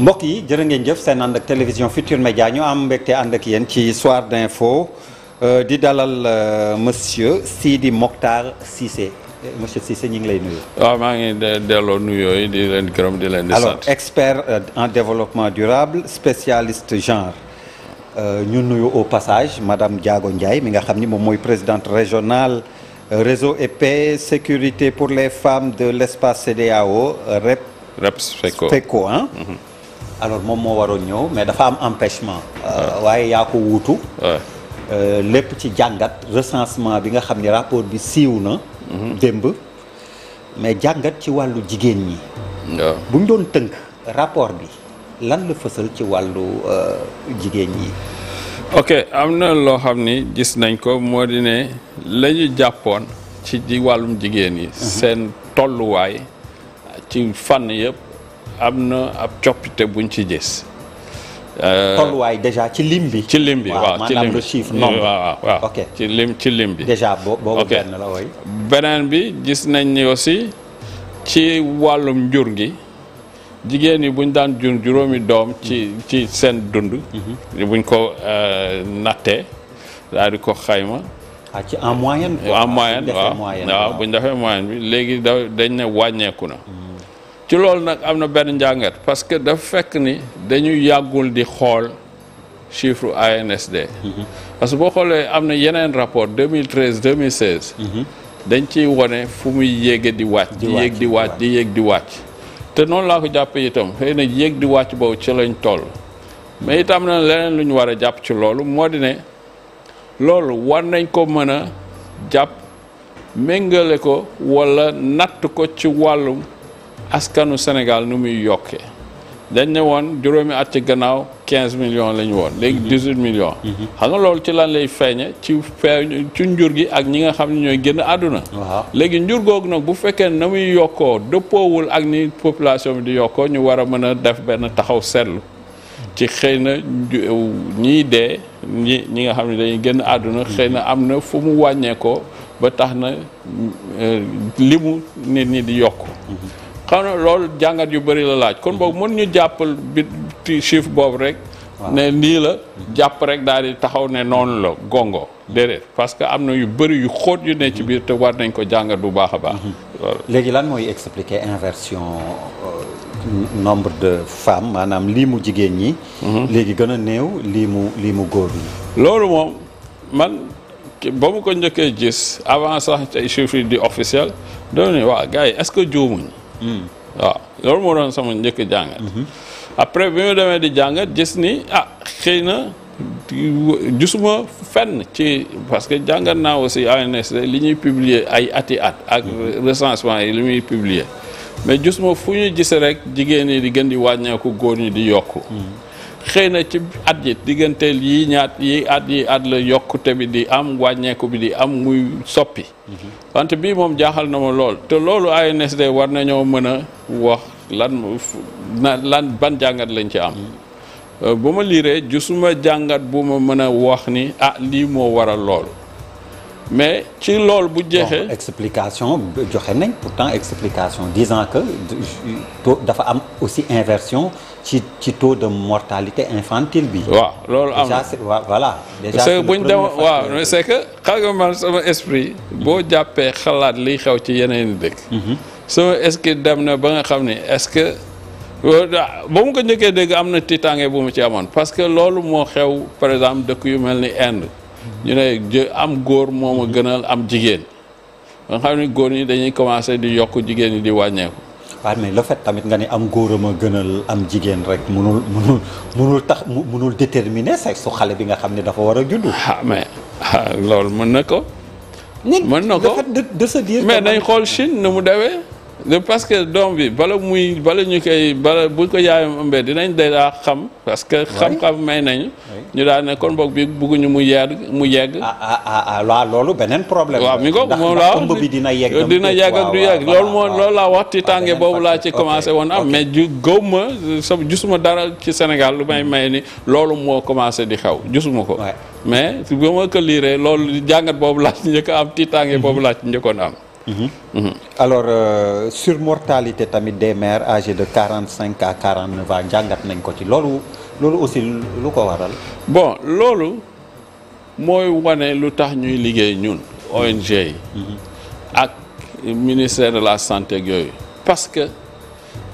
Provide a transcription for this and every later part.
mbokk yi jërë ngeen jëf seen ànd ak télévision Futur Média ñu am mbégte ànd ak yéen ci soir d'info euh, di dalal euh, monsieur Sidi Mokhtar Cissé. Euh, monsieur Cissé ñu ngi lay nuyu. waaw maa ngi delloo nuyoo yi di leen gërëm di leen di sant. expert en développement durable spécialiste genre ñu nuyu au passage madame Diago Ndiaye mi nga xam ni moom mooy présidente régionale réseau EP sécurité pour les femmes de l' espace CEDEAO REP. REPSFECO alors moom moo waroon ñëw mais dafa am empêchement. Euh, waaye yaa ko wuutu. Euh, lépp ci jàngat recensement bi nga xam ni rapport bi siiw na. Mhm. démb mais jàngat ci wàllu jigéen ñi. bu doon tënk rapport bi lan la fësal ci wàllu euh, jigéen ñi. ok am na loo xam ni gis nañ ko moo di ne la jàppoon ci ci wàllum jigéen yi. Mhm. seen tolluwaay ci fànn yëpp. am na ab coppite buñ ci gis. Euh, tolluwaay déjà ci lim bi. ci lim bi waaw ci lim bi waaw waaw ci lim ci lim bi. déjà la woy beneen bi gis nañ ni aussi ci wàllum njur gi jigéen yi buñ daan jur juróomi doom ci ci seen dund. Mhm. buñ ko euh, nattee daal di ko xayma. ah ci en moyenne. en moyenne ah, waaw waaw buñ defee moyenne bi léegi dañ ne wàññeeku na. Hmm. ci loolu nag am na benn njàngat parce que dafa fekk ni dañu yàggul di xool chiffre ANSD parce que boo xoolee am na yeneen rapport 2013 2016 mhm. dañ ciy wone fu muy yéege di wàcc di yéeg di wàcc yéeg di wàcc te noonu laa ko jàppee itam xëy na yéeg di wàcc boobu ci lañ toll mais mhm. itam na leneen lu war a jàpp ci loolu moo di ne loolu war nañ ko mën a jàpp méngale ko walla natt ko ci wàllum askanu Sénégal nu muy yokkee dañ ne woon juróomi at ci gannaaw 15 millions la ñu woon léegi 18 millions. Mhm. xam nga loolu ci lan lay feeñe ci feeñ ci njur gi ak ñi nga xam ne ñooy génn àdduna. léegi njur googu nag bu fekkee na muy yokkoo dëppoowul ak ni population bi di yokkoo ñu war a mën a def benn taxaw seetlu. ci xëy na ñii dee ñi ñi nga xam ne dañuy génn àdduna xëy na am na fu mu wàññeekoo ba tax na euh, limu nit ñi di yokk mhm. xam na loolu jàngat yu bari la laaj kon boobu mën ñu jàppal biti chiffre boobu rek ne nii la jàpp rek daal di taxaw ne noonu la gongo déedéet parce que am na yu bëri yu xóot yu ne ci biir te war nañ ko jàngat bu baax a baax mhm. léegi lan mooy expliquer inversion euh, nombre de femmes maanaam lii mu jigéen ñi mhm. léegi gën a néew lii mu lii mu góor ñi loolu moom man ba mu ko njëkkee gis avant sax ay chiffres di officiel doon ne waa gars yi est-ce que juumuñ waaw hmm. ah, loolu moo doon sama njëkk jàngat mhm. après bi mu demee di jàngat gis ni ah xëy na jus gisuma fenn ci parce que jàngat naa aussi ANSD li ñuy publier ay ati at ak mhm. recensement yi li muy publier mais ma fu ñu gis rek jigéen ñi di gën di wàññeeku góor ñi di yokk mhm. xëy na ci at yi digganteel yi ñaat yi at yi at la yokkute bi di am wàññeeku bi di am muy soppi mhm. wante bii moom jaaxal na ma lool te loolu ANSD war nañoo mën a wax lan ban jàngat lañ ci am mhm. euh, bu ma liiree gisuma jàngat bu ma mën a wax ni ah lii moo waral loolu mais ci loolu bu jeexee. explication joxe nañ pourtant explication disant que dafa am aussi inversion ci ci taux de mortalité infantile bi. waaw loolu am na voilà. déjà c'est buñ dem waaw c'est que xam nga sama esprit. boo jàppee xalaat liy xew ci yeneen dëkk. Mhm. sama esprit dem na ba nga xam ne est-ce que. ba mu ko njëkkee dégg am na tiitaange bu mu ci amoon parce que loolu moo xew par exemple dëkk yu mel ni Inde. ñu ne am góor moom a gënal am jigéen ba nga xam ne góor ñi dañuy commencé di yokk jigéen ñi di wàññeeku. waaw mais le fait tamit nga ni am góor góoram a gënal am jigéen rek munul munul munul tax munul déterminer sexe su xale bi nga xam ne dafa war a juddu. ah mais ah, loolu mën na ko. mën na ko de mais nañ xool Chine nu mu dewee. parce que doom bi bala muy bala ñu koy bala bu ko yaayam ëmbee dinañ daa xam parce que xam may nañu ñu daal ne kon boog bi bugguñu mu yegg mu yegg ah ah, ah, ah loolu beneen problème mi ko moom laa ëmb bi dina yegg dina yegg ak du moo loolu wax tiitaange ah, boobu laa ci commencé woon am mais ju gaw ma sa gisuma dara ci Sénégal lu may may ni loolu moo commencé di xew gisuma ko mais bu ma ko loolu jàngat boobu laa ci njëkk am tiitaange boobu laa ci njëkkoon am Mhm. alors euh, sur mortalité tamit des mères agé de quarante cinq quarante neuf ans jàngat nañ ko ci loolu loolu aussi lu ko waral. bon loolu mooy wane lu tax ñuy liggéey ñun ONG yi. Mhm. ak ministère de la santé ak yooyu. parce que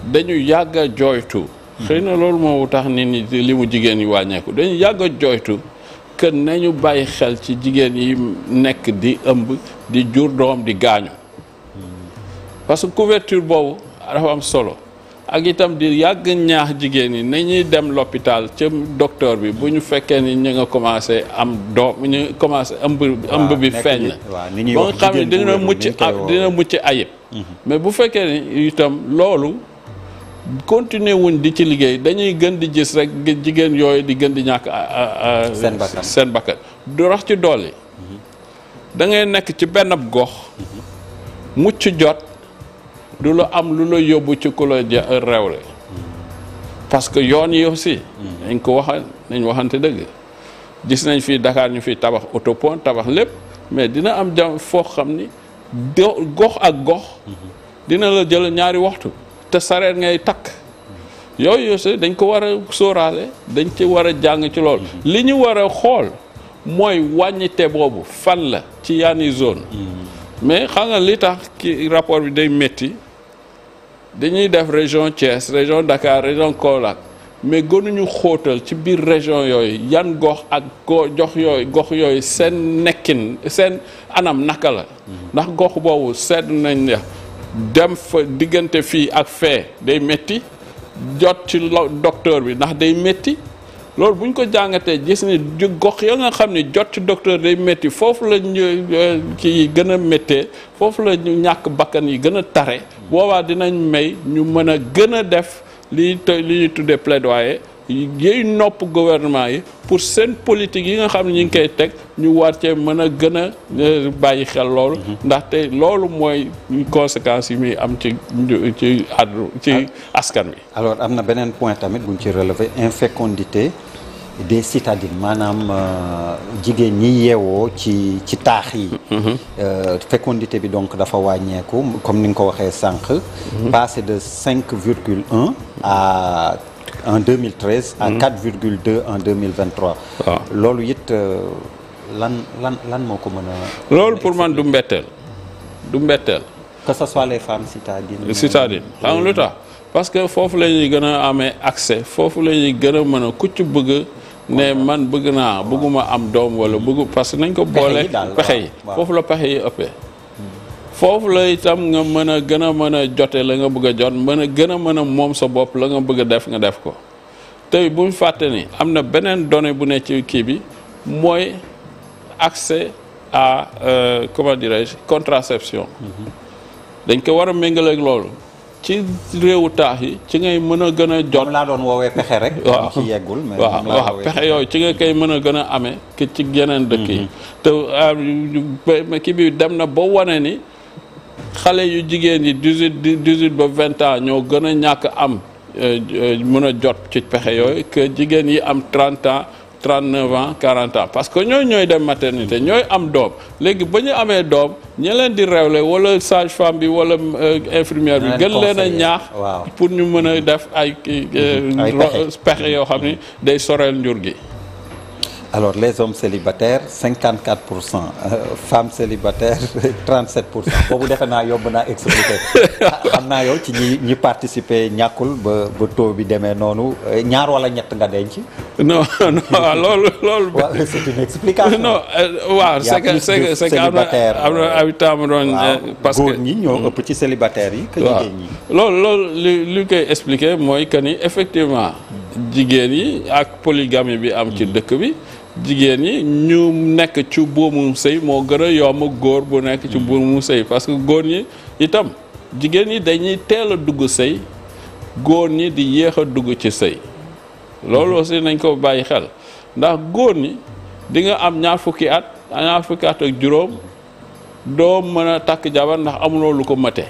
dañu yàgga joytu jooytu. Mhm. xëy na loolu moo tax nit limu jigéen ñi wàññeeku dañu yàgg a jooytu. que nañu bàyyi xel ci jigéen yi nekk di ëmb di jur doom di gaañu parce que couverture boobu dafa am solo ak itam di yàgg ñaax jigéen ñi nañuy dem l'hôpital ca docteur bi bu ñu fekkee ni ñu nga commencé am doom ñu commencé ëmb ëmb bi feeñ na ba nga xam ne dina mucc dina mucc ayib mhm. mais bu fekkee ni itam loolu continuer wuñ di ci liggéey dañuy gën di gis rek jigéen yooyu di gën di ñàkk seen bakkan seen bakkan du rax ci doole mm-hmm. da ngay nekk ci benn ab gox mm-hmm. mucc jot du la am lu la yóbbu ci ku la rewle mm-hmm. parce que yoon yi aussi dañ ko waxan nañ waxante dëgg gis nañ fi dakaar ñu fi tabax autopont tabax lépp mais dina am jam foo xam ni gox ak gox dina la jël ñaari waxtu te sareet ngay takk yooyu yooyu dañ ko war a sóoraale dañ ci war a jàng ci loolu mm-hmm. li ñu war a xool mooy wàññite boobu fan la ci yan yaani zone mm-hmm. mais xam nga li tax ki rapport bi day métti dañuy def région Thiès région Dakar région Kaolack mais gënuñu xóotal ci biir région yooyu yan gox ak go jox yooyu gox yooyu seen nekkin seen anam naka la mm-hmm. ndax gox boobu sedd nañ dem fa diggante fii ak fee day metti jot ci docteur bi ndax day métti loolu bu ñu ko jàngatee gis ni gox ya nga xam ne jot ci docteur day métti foofu la ñu euh, kii gën a méttee foofu la ñu ñàkk bakkan yi gën a tare boobaa dinañ may ñu mën a gën a def li li ñuy tuddee plaidoyer yey nopp gouvernement yi pour seen politique yi nga xam ne ñu ngi koy teg ñu war cee mën a gën a euh, bàyyi xel loolu. Mhm. ndaxte loolu mooy conséquences yi muy am ci ci àddu ci ah. askan bi alors am na beneen point tamit buñ ci relever infécondité des citadines maanaam euh, jigéen ñi yeewoo ci ci taax yi. Mhm. Euh, fécondité bi donc dafa wàññeeku comme ni nga ko waxee sànq. Mhm. passé de cinq virgule un à. en 2013 à 4,2 hmm. en 2023 waaw ah. loolu it euh, lan lan lan moo ko mën a loolu pour man du mbetteel du mbetteel que ce soit les femmes citadines citadines lu tax parce que foofu la ñuy gën a amee accès foofu lañuy ñuy gën a mën a ku bëgg ne man bëgg naa bëgguma am doom wala bëggu parce que nañ ko boole pexe yi foofu la pexe yi ëppee foofu la itam nga mën a gën a mën a jote la nga bëgg a jot mën a gën a mën a moom sa bopp la nga bëgg a def nga def ko tey bu ñu ni am na beneen donnée bu ne ci kii bi mooy accès a euh, comment dirais-je contraception mm-hmm. dañ ko war a méngale loolu ci réewu taax yi ci ngay mën a gën a jot laa doon woowee pexe rek waaw ci yeggul pexe yooyu ci nga koy mën a gën a amee ki ci geneen dëkk yi mm-hmm. te euh, kii bi dem na ba wane ni xale yu jigéen yi dix huit dix huit ba vingt ans ñoo gën a ñàkk am euh, euh, mën a jot ci pexe yooyu que jigéen yi am trente ans trente neuf ans quarante ans parce que ñooy ñooy dem maternité ñooy am doom léegi ba ñu amee doom ñi leen di rewle wala sage femme bi wala euh, infirmière bi gën leen a ñaax pour ñu mën a def ay pexe yoo xam ni day soreel njur gi alors les hommes célibataires 54 pour cent euh, femmes célibataires 37 pour cent boobu defe naa yomb naa expliqué ah, am naa yow ci ñi ñi participer ñàkkul ba ba taux bi demee noonu euh, ñaar wala ñett nga denc. non non ah, loolu loolu. waaw c'est une explication. non euh, waaw c'est que c'est que am na am doon. parce que ñi ñoo ëpp ci célibataires yi. que jigéen ñi loolu loolu li koy expliqué mooy que ni effectivement. jigéen yi ak polygamie bi am ci mm. dëkk bi. jigéen ñi ñu nekk ci buumum sëy moo gën a yomb góor bu nekk ci mm. buumum sëy parce que góor ñi itam jigéen ñi dañuy teel a dugg sëy góor ñi di yéex a dugg ci sëy loolu mm-hmm. aussi nañ ko bàyyi xel ndax góor ñi dinga am ñaar fukki at ñaar fukki at ak juróom doo mën a takk jabar ndax amuloo lu ko mate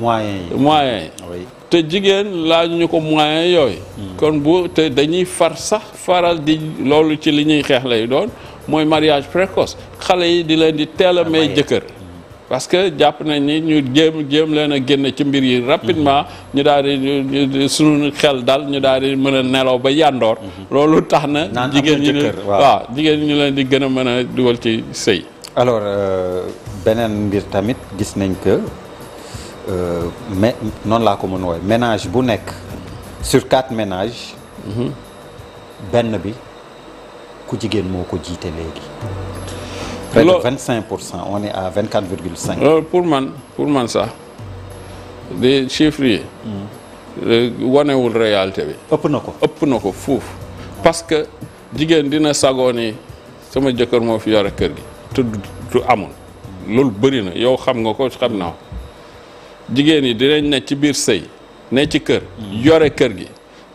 moyen yi moyen yi te jigéen laaj ñu ko moyen yooyu. Hmm. kon bu te dañuy far sax faral di loolu ci li ñuy xeex lay doon mooy mariage précoce xale yi di leen di teel a ah, may jëkkër. Hmm. parce que jàpp nañ ni ñu jéem jéem leen a génn ci mbir yi rapidement hmm. ñu daal di suñu xel dal ñu daal di mën a nelaw ba yàndoor loolu tax na jigéen ñi waaw jigéen ñu leen di gën a mën a dugal ci sëy alors euh, beneen mbir tamit gis nañ que Euh, mais noonu laa ko mën wooye ménage bu nekk sur quatre ménages mhm. benn bi ku jigéen moo ko jiite léegi près de vingt cinq pour cent on est à vingt quatre virgule cinq loolu euh, pour man pour man sax des chiffres yi mhm. wanewul réalité bi ëpp na ko ëpp na ko fuuf parce que jigéen dina sagoo ni sama jëkkër moo fi yore kër gi te amul loolu bëri na yow xam nga ko xam naa ko jigéen yi dinañ ne ci biir sëy ne ci kër yore kër gi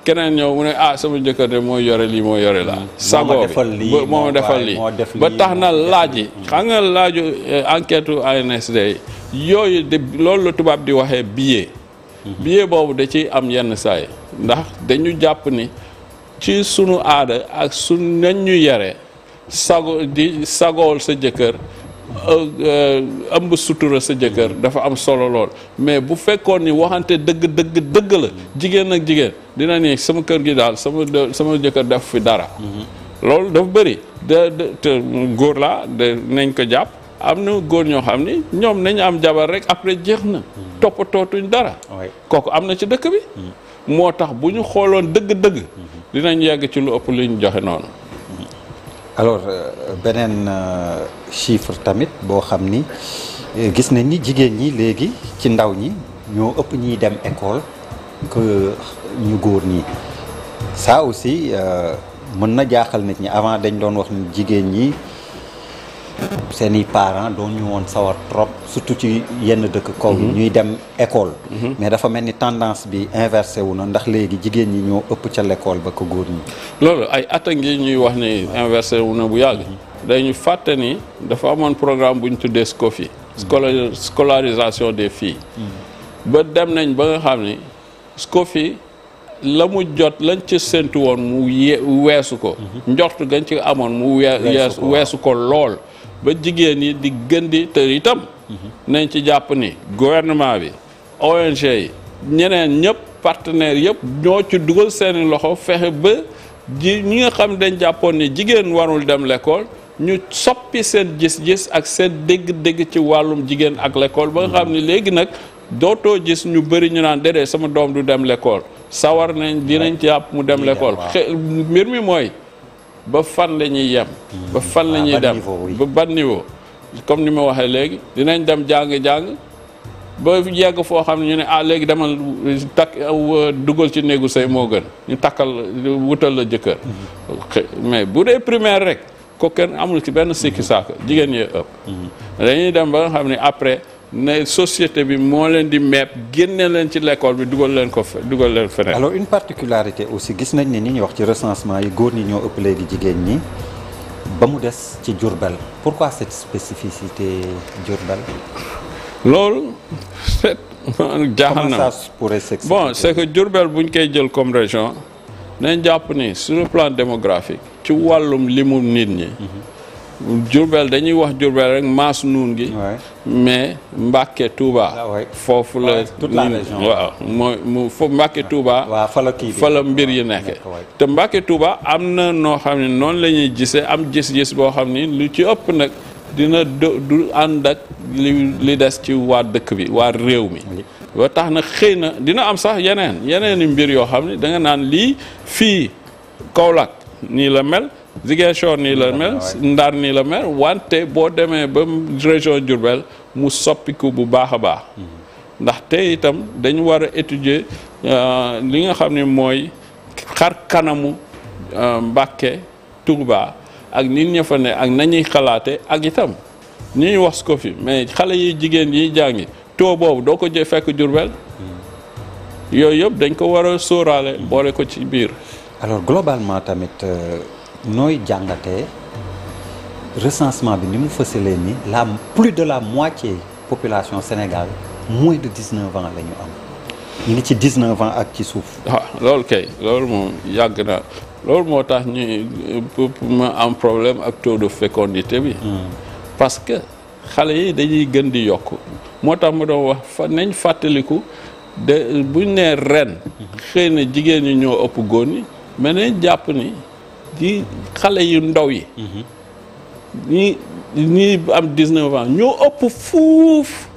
keneen ñëw mu ne ah sama jëkkër de moo yore lii moo yore laa sagoo bi moo ma defal lii ba tax na laaj yi xam nga laaju eh, enquête ANSD yooyu de loolu tubaab di waxee billet mhm. billet boobu da ciy am yenn saay ndax dañu jàpp ni ci sunu aada ak su nañ ñu yare sago di sagool sa jëkkër Euh, euh, ëmb sutura sa jëkkër dafa am solo lool mais bu fekkoon ni waxante dëgg dëgg dëgg la jigéen ak jigéen dina ni sama kër gi daal sama sama jëkkër def fi dara mm-hmm. loolu dafa bëri de góor laa de nañ ko jàpp am na góor ñoo xam ni ñoom nañu am jabar rek après jeex na mm-hmm. toppatootuñ dara kooku am na ci dëkk bi mm-hmm. moo tax bu ñu xooloon dëgg-dëgg dinañ yàgg ci lu ëpp li ñu joxe noonu alors euh, beneen euh, chiffre tamit boo xam ni euh, gis nañ ni jigéen ñi léegi ci ndaw ñi ñoo ëpp ñuy dem école que ñu góor ñi ça aussi mën na jaaxal nit ñi avant dañ doon wax ni jigéen ñi seeni parents doon ñu woon sawar trop surtout ci yenn dëkk kaw yi mhm. ñuy dem école mhm. mais dafa mel ni tendance bi inversé wu na ndax léegi jigéen ñi ñoo ëpp ca l'école ba ko góor ñi loolu ay at a ngi ñuy wax ni inversé wu na bu yàgg mhm. dañu fàtte ni dafa amoon programme bu ñu tuddee SCOFI scolarisation des fii ba dem nañ ba nga xam ni SCOFI la mu jot lañ ci séntu woon mu ye weesu ko njort gañ ci amoon mu weesu ko lool ba jigéen yi di gën di te itam nañ ci jàpp ni gouvernement bi ONG yi ñeneen ñëpp partenaires yëpp ñoo ci dugal seeni loxo fexe ba ji ñi nga xam dañ jàppoon ni jigéen warul dem lekkool ñu soppi seen gis-gis ak seen dégg-dégg ci wàllum jigéen ak lekkool ba nga xam ni léegi nag dootoo gis ñu bëri ñu naan déedéet sama doom du dem lekkool sawar nañ dinañ ci jàpp mu dem l'école mbir mi mooy ba fan lañuy ñuy yem ba fan la ah, dem ba ban comme ni ma waxee léegi dinañ dem jàng-jàng ba yegg foo xam ne ñu ne ah léegi demal takk dugal ci néegu sëy moo gën ñu takkal wutal la jëkkër mais bu dee primaire rek ko kenn amul ci benn sikki saaka jigéen yee ëpp dañuy dem ba nga xam ne après ne société bi moo leen di meeb génne leen ci lekkool bi dugal leen ko dugal leen feneen alors une particularité aussi gis nañ ni ñu wax ci recensement yi góor ñi ñoo ëpp léegi jigéen ñi ba mu des ci Diourbel pourquoi cette spécificité Diourbel loolu c'est jaaxal na comment ça pourrait s'expliquer que Diourbel bu ñu koy jël comme région nañ jàpp ni sur le plan démographique ci wàllum limu nit ñi mhm. Jurbel dañuy wax Jurbel rek maas nuun gi mais Mbàkke tuuba ah foofu la waaw mooy mu foofu Mbàkke Touba fa la mbir yi nekk te Mbàkke Touba am na noo xam ne noonu la ñuy gisee am gis-gis boo xam ni lu ci ëpp nag dina du ànd ak li des ci waa dëkk bi waa réew mi ba tax na xëy na dina am sax yeneen yeneeni mbir yoo xam ne da nga naan lii fii kawlak nii la mel Ziguinchor nii la mel Ndar nii la mel wante boo demee ba région Diourbel mu soppiku bu baax a baax ndax te itam dañu war a étudier euh, li nga xam ne mooy xar kanamu euh, Mbàkke Touba ak nit ña ak nañuy xalaate ak itam ñuy wax ko fi mais xale yi jigéen yi jàngi taux boobu doo ko jël fekk Diourbel yooyu yëpp dañ ko war a sóoraale boole ko ci biir alors globalement tamit euh, nooy jàngatee recensement bi ni mu fësalee ni la plus de la moitié population Sénégal moins de 19 ans la ñu am ngi ci 19 ans ak ci suuf. waaw loolu kay loolu moom yàgg na loolu moo tax ñu pour ma am problème ak taux de fécondité bi. Hmm. parce que xale yi dañuy gën di yokk moo tax ma doon wax fa nañ fàttaliku de buñ nee ren. Hmm. xëy na jigéen ñu ñoo ëpp góor ñi mais jàpp ni. ci xale yi ndaw yi mhm. ñi ñi am 19 ans ñoo ëpp fuuf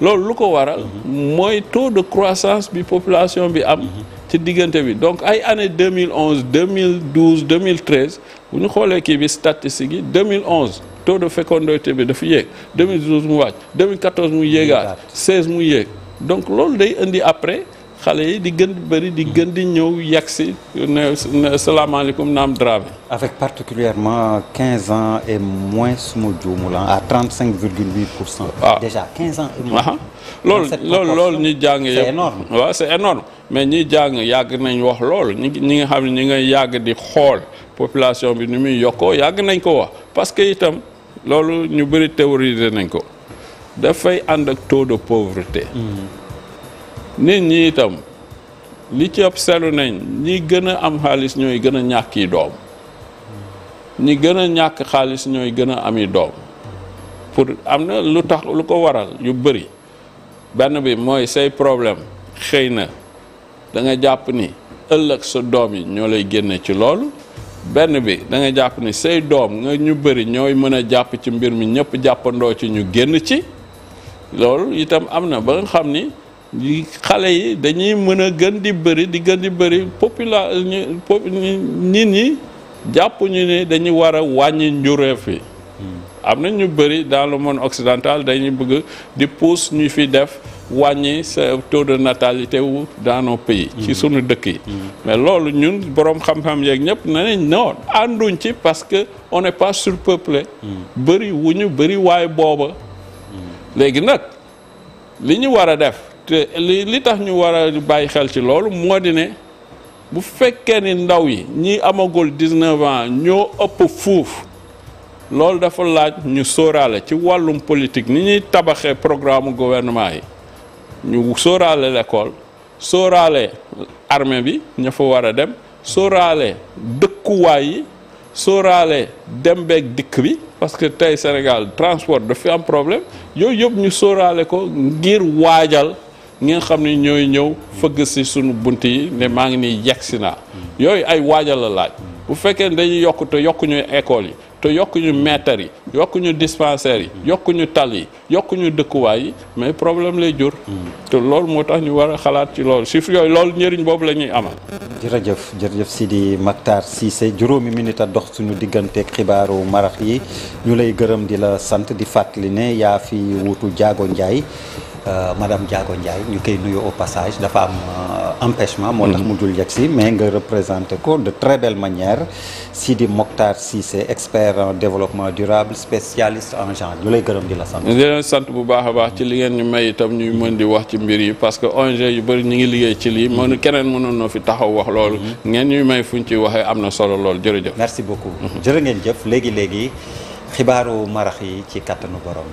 loolu lu ko waral mhm. mooy taux de croissance bi population bi am mhm. ci diggante bi donc ay année 2011 2012 2013 bu ñu xoolee kii bi statistique yi 2011 taux de fécondité bi dafa yéeg 2012 mu wàcc 2014 mu yéegaat 16 mu yéeg donc loolu day indi après xale yi di gën di bëri di gën di ñëw yegsi ne salaamaaleykum naam Dramé. avec particulièrement quinze ans et moins su ma juumul la trente cinq virgule huit pour cent. waaw ah. déjà quinze ans et ah, loolu loolu loolu ñuy jàng yëpp c'est énorme mais ñuy jàng yàgg nañ wax loolu ñi ñi nga xam ne ñi ngay yàgg di xool population bi nu muy yokkoo yàgg nañ ko wax parce que itam loolu ñu bëri théoriser nañ ko dafay ànd ak taux de pauvreté. Mm. nit ñi itam li ci ëpp nañ ñi gën a am xaalis ñooy gën a ñàkk doom ñi gën a ñàkk xaalis ñooy gën a ami doom pour am na lu tax lu ko waral yu bari benn bi mooy say problème xëy na danga jàpp ni ëllëg sa doom yi ñoo lay génne ci loolu benn bi da jàpp ni say doom nga ñu bari ñooy mën a jàpp ci mbir mi ñëpp jàppandoo ci ñu génn ci loolu itam am na ba nga xam ni xale yi dañuy mën a gën di bëri di gën di bëri popula nit ñi jàpp ñu ne dañu war a wàññi njureef yi hmm. am na ñu bëri dans le monde occidental dañuy bëgg di pousse ñu fi def wàññi sa taux de natalité wu dans nos pays ci hmm. sunu dëkk yi hmm. mais loolu ñun boroom xam-xam yeeg ñëpp ne nañ non ànduñ ci parce que on n'est pas surpeuplé bëri wu ñu bëri waay booba léegi nag li ñu war a def li tax ñu war a bàyyi xel ci loolu moo di ne bu fekkee ni ndaw yi ñi amagul 19 ans ñoo ëpp fuuf loolu dafa laaj ñu sóoraale ci wàllum politique ni ñuy tabaxee programme gouvernement yi ñu sóoraale l'école sóoraale armée bi ñu fa war a dem sooraale dëkkuwaay yi sóoraale dem beeg dikk bi parce que tey Sénégal transport dafa am problème yooyu yëpp ñu sóoraale ko ngir waajal ñi xam ni ñooy ñëw fëgg si suñu bunt yi ne maa ngi nii yegsi naa yooyu ay waajal la laaj bu fekkee ne dañuy yokk te yokkuñu école yi te yokkuñu maîtres yi yokkuñu dispensaires yi yokkuñu tal yokkuñu dëkkuwaay yi mais problème lay jur te loolu moo tax ñu war a xalaat ci loolu chiffre yooyu loolu njëriñ boobu la ñuy amal jërëjëf jërëjëf Sidi Mactar Cissé juróomi minute a dox suñu digganteeg xibaaru marax yi ñu lay gërëm di la sant di fàttali ne yaa fi wutu Jaago Njaay Euh, madame Diago Ndiaye ñu koy nuyu au passage dafa am euh, empêchement. moo tax mm-hmm. mu dul yegg si mais nga représenté ko de très belle manière Sidi Mokhtar Cissé expert en développement durable spécialiste en genre ñu lay gërëm di la sant. di leen bu baax a baax ci li ngeen ñu may itam ñuy mën di wax ci mbir yi parce que ONG yu bëri ñu ngi liggéey ci lii. mënu keneen mënoon na fi taxaw wax lool mm-hmm. ngeen ñuy may fuñ ci waxee am na solo lool jërëjëf. merci beaucoup. Mm-hmm. jërë ngeen jëf léegi léegi xibaaru marax yi ci kattanu borom